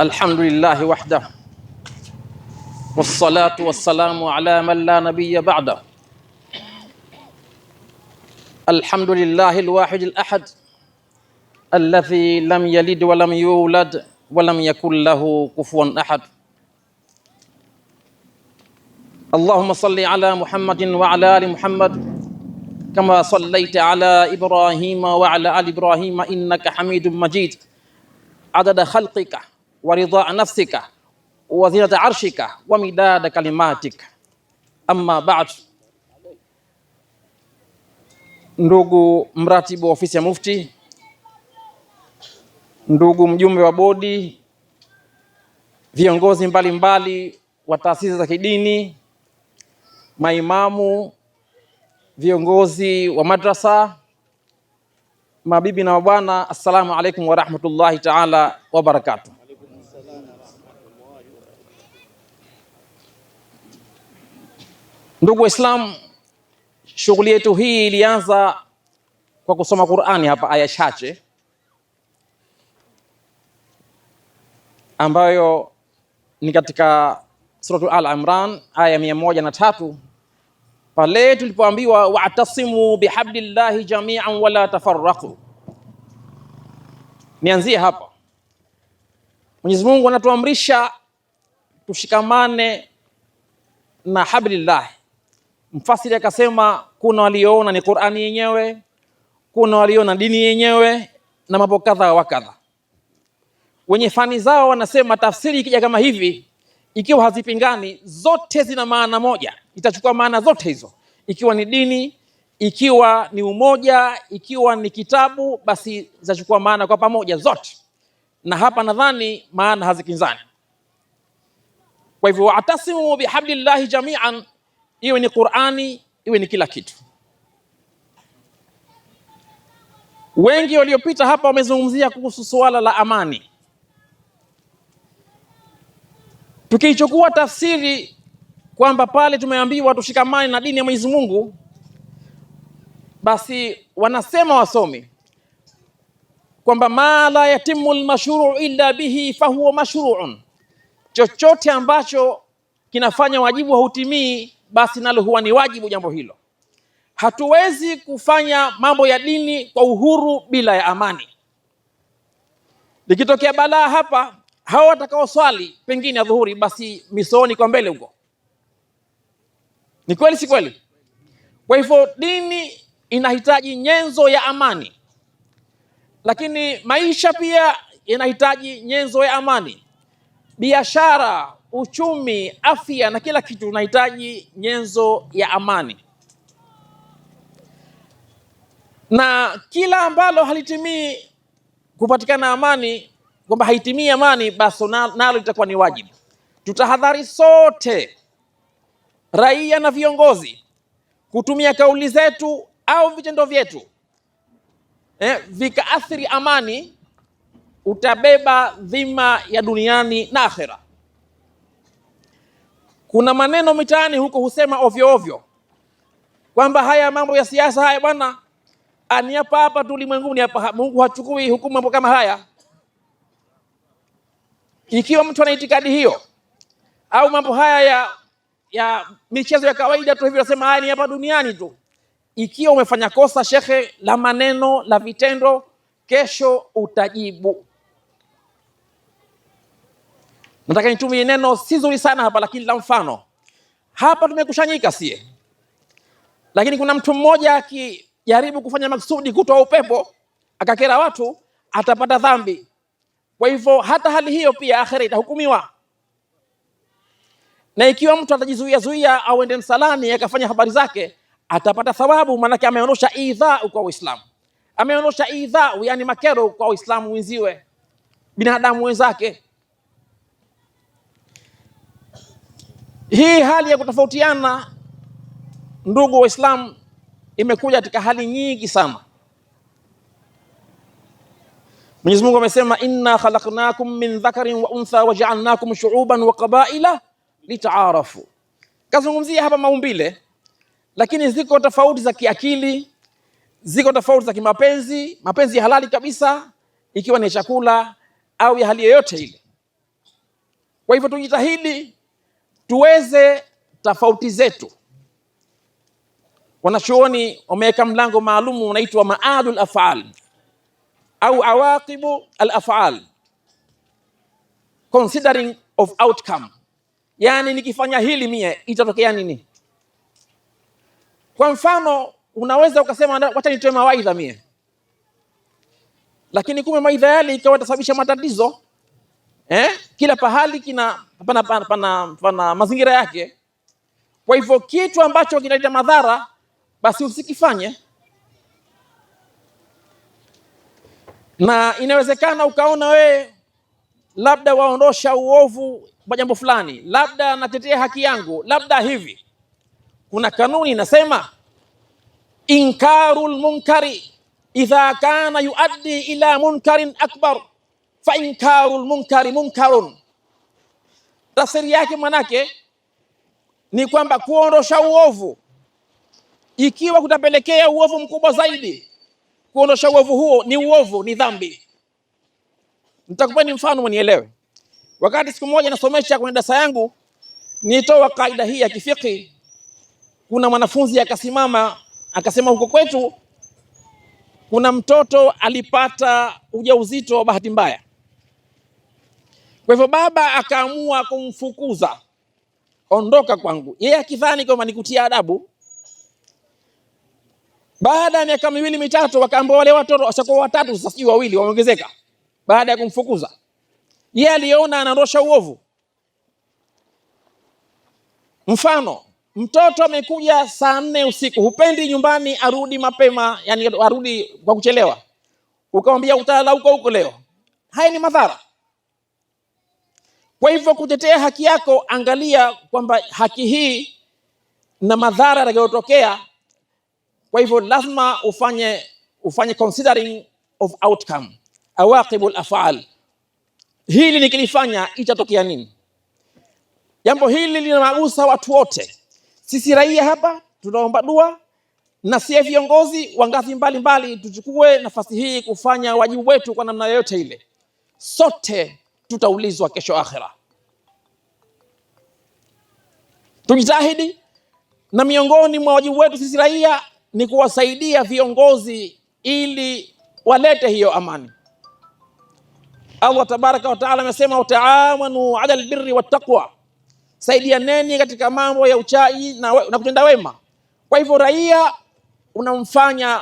الحمد لله وحده والصلاة والسلام على من لا نبي بعده الحمد لله الواحد الأحد الذي لم يلد ولم يولد ولم يكن له كفوا أحد اللهم صل على محمد وعلى آل محمد كما صليت على إبراهيم وعلى آل إبراهيم إنك حميد مجيد عدد خلقك wa ridha nafsika wa zinata arshika wa midada kalimatika. Amma ba'd. ndugu mratibu wa ofisi ya Mufti, ndugu mjumbe wa bodi, viongozi mbalimbali wa taasisi za kidini, maimamu, viongozi wa madrasa, mabibi na mabwana, assalamu alaikum warahmatullahi taala wabarakatuh. Ndugu Waislamu, shughuli yetu hii ilianza kwa kusoma Qur'ani hapa, aya chache ambayo ni katika Suratu Al Imran aya mia moja na tatu pale tulipoambiwa wa'tasimu bihablillahi jami'an wala tafarraqu. Nianzie hapa. Mwenyezi Mungu anatuamrisha tushikamane na hablillahi Mfasiri akasema kuna walioona ni Qur'ani yenyewe, kuna waliona dini yenyewe na mambo kadha wa kadha. Wenye fani zao wanasema tafsiri ikija kama hivi, ikiwa hazipingani zote zina maana moja, itachukua maana zote hizo, ikiwa ni dini, ikiwa ni umoja, ikiwa ni kitabu, basi zitachukua maana kwa pamoja zote, na hapa nadhani maana hazikinzani. Kwa hivyo, watasimu bihablillahi jamian iwe ni Qur'ani, iwe ni kila kitu. Wengi waliopita hapa wamezungumzia kuhusu suala la amani. Tukiichukua tafsiri kwamba pale tumeambiwa tushikamane na dini ya Mwenyezi Mungu, basi wanasema wasomi kwamba ma la yatimu lmashruu illa bihi fahuwa mashruun, chochote ambacho kinafanya wajibu hautimii basi nalo huwa ni wajibu jambo hilo. Hatuwezi kufanya mambo ya dini kwa uhuru bila ya amani. Likitokea balaa hapa, hawa watakaoswali pengine adhuhuri, basi misooni kwa mbele huko. Ni kweli, si kweli? Kwa hivyo dini inahitaji nyenzo ya amani, lakini maisha pia yanahitaji nyenzo ya amani. Biashara, uchumi, afya na kila kitu unahitaji nyenzo ya amani, na kila ambalo halitimii kupatikana amani, kwamba haitimii amani, basi nalo litakuwa ni wajibu. Tutahadhari sote, raia na viongozi, kutumia kauli zetu au vitendo vyetu eh, vikaathiri amani, utabeba dhima ya duniani na akhera. Kuna maneno mitaani huko husema ovyo ovyo kwamba haya mambo ya siasa haya bwana, ani ah, hapa hapa tu ulimwenguni hapa, Mungu hachukui hukumu mambo kama haya. Ikiwa mtu ana itikadi hiyo au mambo haya ya ya michezo ya kawaida tu hivi, nasema haya ni hapa duniani tu. Ikiwa umefanya kosa shekhe la maneno la vitendo, kesho utajibu. Nataka nitumie neno si zuri sana hapa, lakini la mfano. Hapa tumekushanyika sie, lakini kuna mtu mmoja akijaribu kufanya maksudi kutoa upepo akakera watu, atapata dhambi. Kwa hivyo hata hali hiyo pia akhera itahukumiwa. Na ikiwa mtu atajizuia zuia au ende msalani akafanya habari zake, atapata thawabu, maanake ameonosha idha kwa Uislamu, ameonosha idha, yani makero kwa Uislamu wenziwe, binadamu wenzake Hii hali ya kutofautiana, ndugu Waislamu, imekuja katika hali nyingi sana. Mwenyezi Mungu amesema, inna khalaqnakum min dhakarin wa untha waja'alnakum shu'uban wa qabaila litaarafu. Kazungumzia hapa maumbile, lakini ziko tofauti za kiakili, ziko tofauti za kimapenzi, mapenzi ya halali kabisa, ikiwa ni chakula au ya hali yoyote ile. Kwa hivyo tujitahidi tuweze tofauti zetu. Wanachuoni wameweka mlango maalum unaitwa maadul afal au awaqibu al afal, considering of outcome, yani nikifanya hili mie itatokea nini? Kwa mfano, unaweza ukasema wacha nitoe mawaidha mie, lakini kumbe mawaidha yale ikawa itasababisha matatizo eh? Kila pahali kina pana, pana, pana, pana mazingira yake. Kwa hivyo kitu ambacho kinaleta madhara basi usikifanye, na inawezekana ukaona we labda waondosha uovu kwa jambo fulani, labda natetea haki yangu, labda hivi. Kuna kanuni inasema inkarul munkari idha kana yuaddi ila munkarin akbar fa inkarul munkari munkarun, tafsiri yake manake ni kwamba kuondosha uovu, ikiwa kutapelekea uovu mkubwa zaidi, kuondosha uovu huo ni uovu, ni dhambi. Nitakupeni mfano mnielewe. Wakati siku moja nasomesha kwenye darasa yangu, nitoa kaida hii ya kifiki, kuna mwanafunzi akasimama akasema, huko kwetu kuna mtoto alipata ujauzito wa bahati mbaya kwa hivyo baba akaamua kumfukuza, ondoka kwangu. Yeye akidhani kwamba nikutia adabu. Baada ya miaka miwili mitatu, wakaambia wale watoto watakuwa watatu, sasa sijui wawili wameongezeka, baada ya kumfukuza yeye aliona anarosha uovu. Mfano, mtoto amekuja saa nne usiku, hupendi nyumbani arudi mapema, yani arudi kwa kuchelewa, ukamwambia utalala huko huko leo. Haya ni madhara. Kwa hivyo kutetea haki yako, angalia kwamba haki hii na madhara yatakayotokea. Kwa hivyo lazima ufanye ufanye considering of outcome awaqibul afaal. Hili nikilifanya itatokea nini? Jambo hili linawagusa watu wote, sisi raia hapa tunaomba dua na sie viongozi wa ngazi mbalimbali tuchukue nafasi hii kufanya wajibu wetu kwa namna yoyote ile, sote tutaulizwa kesho akhira. Tujitahidi, na miongoni mwa wajibu wetu sisi raia ni kuwasaidia viongozi ili walete hiyo amani. Allah tabaraka wa taala amesema, wataawanu ala lbiri wattaqwa, saidianeni katika mambo ya uchaji na, na kutenda wema. Kwa hivyo raia unamfanya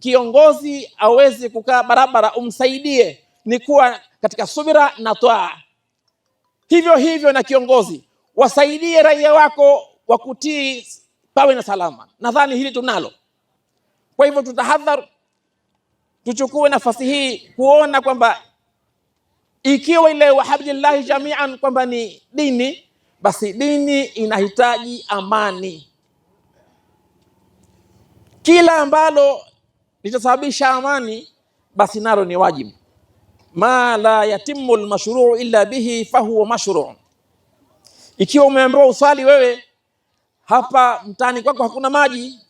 kiongozi aweze kukaa barabara, umsaidie ni kuwa katika subira na toa. Hivyo hivyo na kiongozi, wasaidie raia wako wa kutii, pawe na salama. Nadhani hili tunalo. Kwa hivyo tutahadhar, tuchukue nafasi hii kuona kwamba ikiwa ile wahabillahi jamian kwamba ni dini, basi dini inahitaji amani. Kila ambalo litasababisha amani, basi nalo ni wajibu ma la yatimu lmashruu illa bihi fahuwa mashruu. Ikiwa umeambiwa uswali wewe hapa mtaani kwako hakuna maji,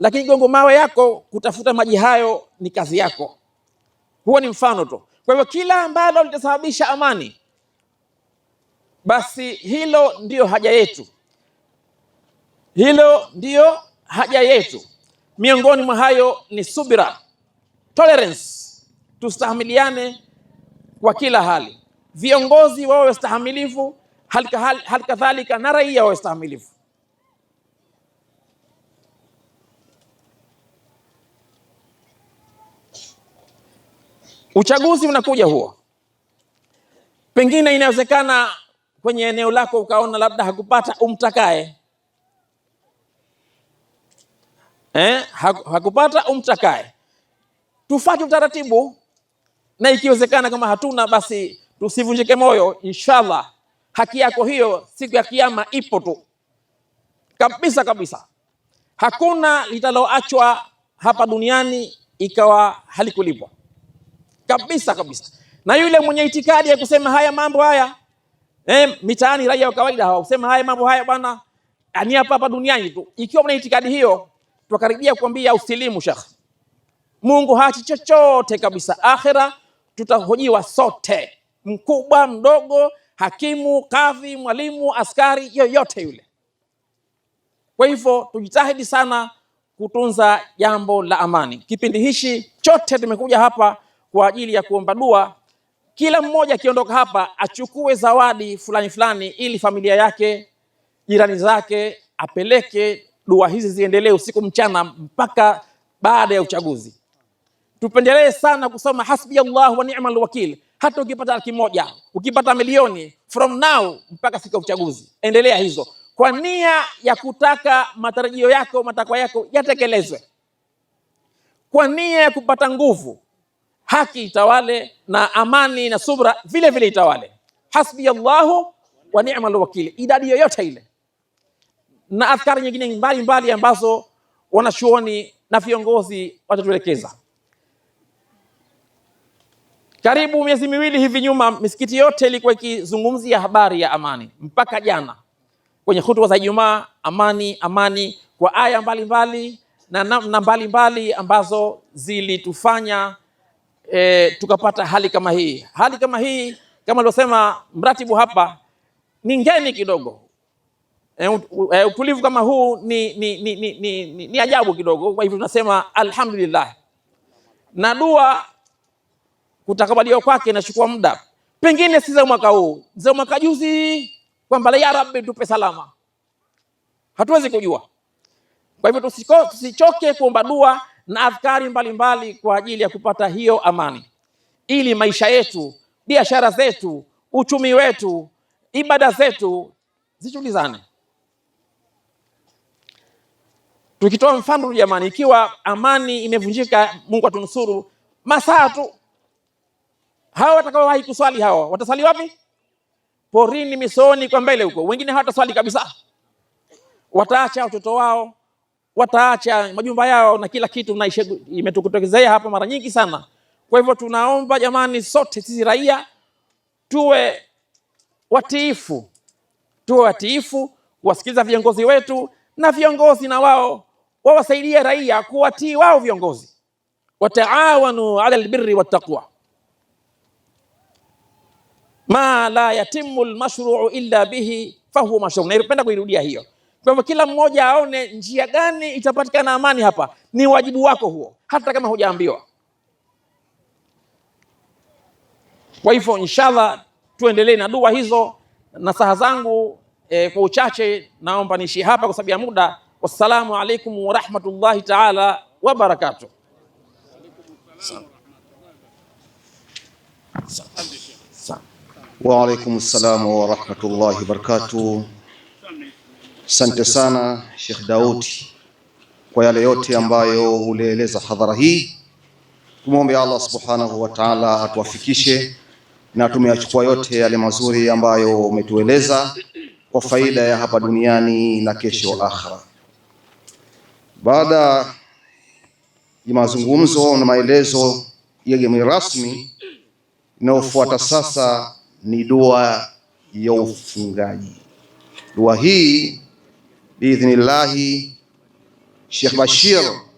lakini Gongo Mawe yako kutafuta maji hayo ni kazi yako. Huo ni mfano tu. Kwa hivyo kila ambalo litasababisha amani, basi hilo ndiyo haja yetu, hilo ndiyo haja yetu. Miongoni mwa hayo ni subira, tolerance, tustahamiliane kwa kila hali, viongozi wao wastahamilifu, hali kadhalika na raia wao wastahamilifu. Uchaguzi unakuja huo, pengine inawezekana kwenye eneo lako ukaona labda hakupata umtakae, eh, hakupata umtakae, tufate utaratibu na ikiwezekana kama hatuna basi tusivunjike moyo, inshallah haki yako hiyo siku ya kiyama ipo tu kabisa kabisa. Hakuna litaloachwa hapa duniani ikawa halikulipwa kabisa kabisa. Na yule mwenye itikadi ya kusema haya mambo haya eh, mitaani raia wa kawaida hawa kusema haya mambo haya bwana, ani ah, hapa hapa duniani tu. Ikiwa mna itikadi hiyo, tukaribia kukwambia usilimu shekh, Mungu hachi chochote kabisa akhira tutahojiwa sote, mkubwa mdogo, hakimu, kadhi, mwalimu, askari, yoyote yule. Kwa hivyo tujitahidi sana kutunza jambo la amani. Kipindi hichi chote tumekuja hapa kwa ajili ya kuomba dua. Kila mmoja akiondoka hapa achukue zawadi fulani fulani, ili familia yake, jirani zake, apeleke dua hizi ziendelee usiku mchana mpaka baada ya uchaguzi. Tupendelee sana kusoma hasbi Allah wa ni'mal wakil. Hata ukipata laki moja, ukipata milioni, from now mpaka siku ya uchaguzi, endelea hizo kwa nia ya kutaka matarajio yako, matakwa yako yatekelezwe, kwa nia ya kupata nguvu. Haki itawale na amani na subra vile vile itawale. Hasbi Allahu wa ni'mal wakil, idadi yoyote ile, na adhkari nyingine mbalimbali ambazo wanachuoni na viongozi watatuelekeza. Karibu miezi miwili hivi nyuma, misikiti yote ilikuwa ikizungumzia habari ya amani, mpaka jana kwenye hutuba za Ijumaa, amani amani, kwa aya mbalimbali na namna mbalimbali ambazo zilitufanya e, tukapata hali kama hii. Hali kama hii kama alivyosema mratibu hapa ni ngeni kidogo. E, utulivu kama huu ni, ni, ni, ni, ni, ni ajabu kidogo. Kwa hivyo tunasema alhamdulillah na dua kutakabaliwa kwake inachukua muda, pengine si za mwaka huu, za mwaka juzi, kwamba ya Rabbi tupe salama, hatuwezi kujua. Kwa hivyo tusichoke kuomba dua na adhkari mbalimbali kwa ajili ya kupata hiyo amani, ili maisha yetu, biashara zetu, uchumi wetu, ibada zetu zichulizane. Tukitoa mfano jamani, ikiwa amani imevunjika, Mungu atunusuru masaa tu Hawa watakaowahi kuswali hawa watasali wapi? Porini, misoni, kwa mbele huko. Wengine hawataswali kabisa, wataacha watoto wao, wataacha majumba yao na kila kitu. Imetukutokezea hapa mara nyingi sana. Kwa hivyo tunaomba jamani, sote sisi raia tuwe watiifu, tuwe watiifu kuwasikiliza viongozi wetu, na viongozi na wao wawasaidie raia kuwatii wao viongozi. Wataawanu ala albirri wattaqwa ma la yatimu lmashruu illa bihi fahuwa mashruu. Naipenda kuirudia hiyo. Kwa hivyo kila mmoja aone njia gani itapatikana amani hapa. Ni wajibu wako huo, hata kama hujaambiwa. Kwa hivyo inshallah, tuendelee na dua hizo. Nasaha zangu e, kwa uchache naomba niishie hapa kwa sababu ya muda. Wassalamu alaikum warahmatullahi taala wabarakatuh. Wa alaikum salamu wa rahmatullahi barakatuh. Asante sana Sheikh Daudi kwa yale yote ambayo ulieleza hadhara hii. Tumwombe Allah subhanahu wa ta'ala atuafikishe na tumeyachukua yote yale mazuri ambayo umetueleza kwa faida ya hapa duniani na kesho akhira. Baada ya mazungumzo na maelezo yenye rasmi, inayofuata sasa ni dua ya ufungaji. Dua hii biidhnillahi Sheikh Bashir